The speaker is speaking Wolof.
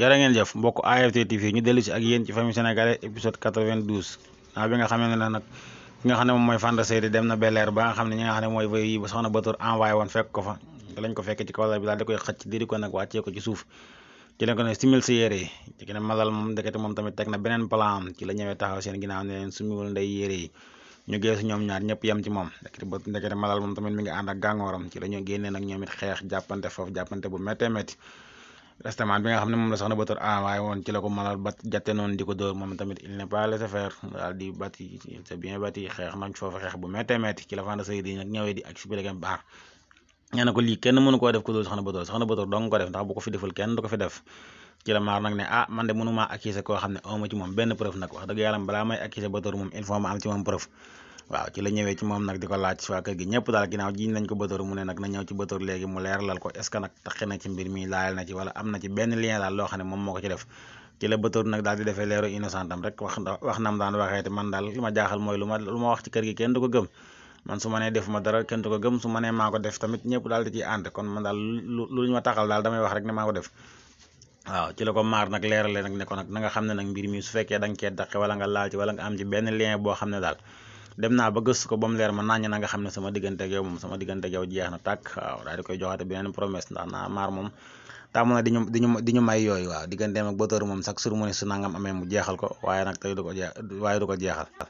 jërë ngeen jëf mbokk AFT TV ñu dellu si ak yéen ci famille sénégalaise épisode 92 naa bi nga xamee ne nag nga xam ne moom mooy Fanta Seydi dem na Bel-Air ba nga xam ne ñi nga xam ne mooy voy yi soxna Batour fekk ko fa lañ ko fekkee ci kaw lal bi daal di koy xëcc diri nag wàccee ci suuf ci ne simil si yére yi ci ne malal moom ndekete moom tamit teg beneen plan ci la ñëwee taxaw seen ginnaaw ne leen sumiwul ndey yére yi ñu geesu ñoom ñaar ñëpp yem ci moom ndekete ba ndekete malal moom tamit mi ngi ànd ak gàngooram ci la ñu génnee nag ñoom it xeex jàppante foofu jàppante bu méttee métti restaurant bi nga xam ne moom la soxna Bator envoyé woon ci la ko mënal bat jatte noonu di ko dóor moom tamit il n'est pas laissé faire bati il bati xeex nañ foofu xeex bu méttee métti ci la fanda say di ndax bu ko fi deful kenn fi def ci la maar nag ne ah man de mënumaa accuser koo xam ne awma ci benn preuve nag wax dëgg yàlla balaa may accuser Bator moom il faut ma am ci moom waaw ci la ñëwee ci moom nag di ko laaj waa kër gi ñëpp daal ginnaaw jiñ nañ ko bëtóor mu ne nag na ñëw ci bëtóor léegi mu leeralal ko est ce que nag taxe na ci mbir mi laayal na ci am ne moom moo ko ci def ci la bëtóor nag daal di defee leeru innocent am rek wax wax nam daan waxee te man daal li ma jaaxal mooy lu ma lu ma wax ci kër gi kenn du ko gëm man su ma nee def ma dara kenn du ko gëm su ma nee maa def tamit ñëpp daal di ciy ànd kon man daal lu ma taxal daal damay wax rek ne maa def waaw la ko maar nag leerale nag ne ko nag na nga xam ne nag mbir mi su fekkee da nga cee wala nga laal wala nga am ci benn lien boo xam ne daal dem naa ba gëstu ko ba leer ma naññ na nga xam ne sama diggante ak yow moom sama diggante ak yow jeex na waaw daal di koy joxaate beneen promesse ndax naa maar moom tàmm na di ñu di ñu may yooy waaw digganteem ak bëtër moom sax sur mu ne nangam amee mu jeexal ko waaye nag tey ko jeex waaye du ko jeexal